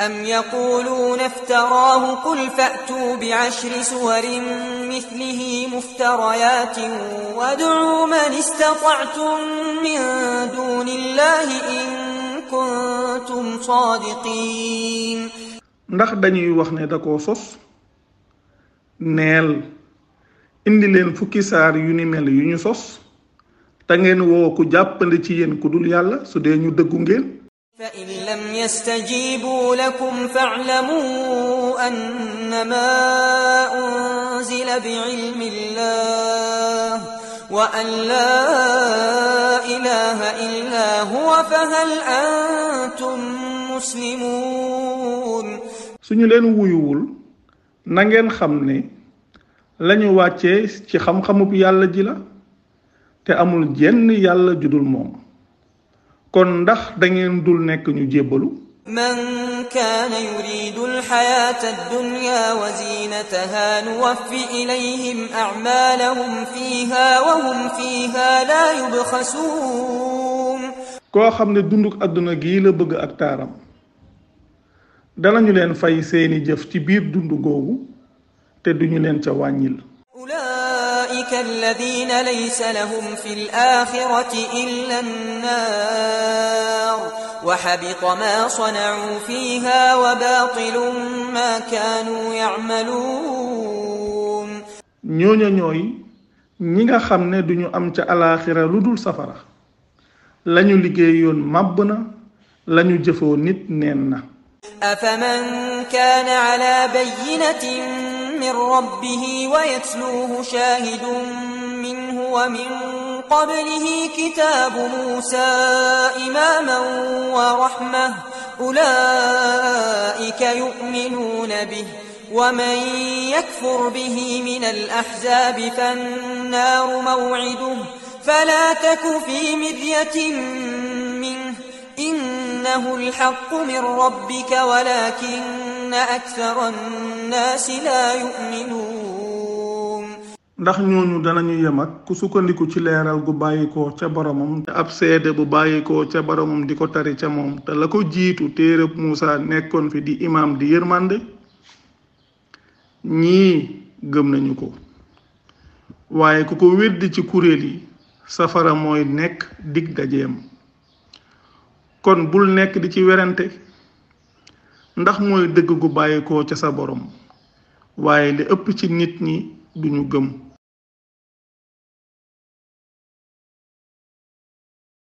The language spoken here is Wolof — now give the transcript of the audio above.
أم يقولون افتراه قل فأتوا بعشر سور مثله مفتريات وادعوا من استطعتم من دون الله إن كنتم صادقين ndax dañuy wax ne da koo sos neel indi leen fukki saar yu ni mel yu ñu sos te ngeen woo ku jàppandi ci yéen ku dul yàlla su dee ñu dëggu ngeen فإن لم يستجيبوا لكم فاعلموا أنما أنزل بعلم الله وأن لا إله إلا هو فهل أنتم مسلمون suñu leen wuyuwul nangeen xam ni lañu wàccee ci xam-xamub yàlla ji la te amul jenn yàlla judul moom kon ndax dangeen dul nekk ñu jébbalu man kaana yuridu alxayaata addunya wa ziinataha nuwaffi ilayhim acmaalahum fiiha wa hum fiiha laa yubxasuun koo xam ne dunduk àdduna gii la bëgg ak taaram danañu leen fay seeni jëf ci biir dund googu te duñu leen ca wàññil أولئك الذين ليس لهم في الآخرة إلا النار وحبط ما صنعوا فيها وباطل ما كانوا يعملون ñooña ñooy ñi nga xam ne duñu am ca alaaxira lu dul safara lañu liggéeyoon màbb na lañu jëfoo nit neen na afaman kaana ala bayyinatin من ربه ويتلوه شاهد منه ومن قبله كتاب موسى إماما ورحمة أولئك يؤمنون به ومن يكفر به من الأحزاب فالنار موعده فلا تك في مذية منه إنه الحق من ربك ولكن ولكن أكثر الناس لا ndax ñooñu danañu yem ku sukkandiku ci leeral gu bàyyikoo ca boromam te ab seede bu bàyyikoo ca boromam di ko tari ca moom te la ko jiitu téereb Muusa nekkoon fi di imaam di yërmande ñii gëm nañu ko waaye ku ko weddi ci kuréel yi safara mooy nekk dig dajeem kon bul nekk di ci werante ndax mooy dëgg gu bàyyikoo ca sa borom waaye li ëpp ci nit ñi duñu gëm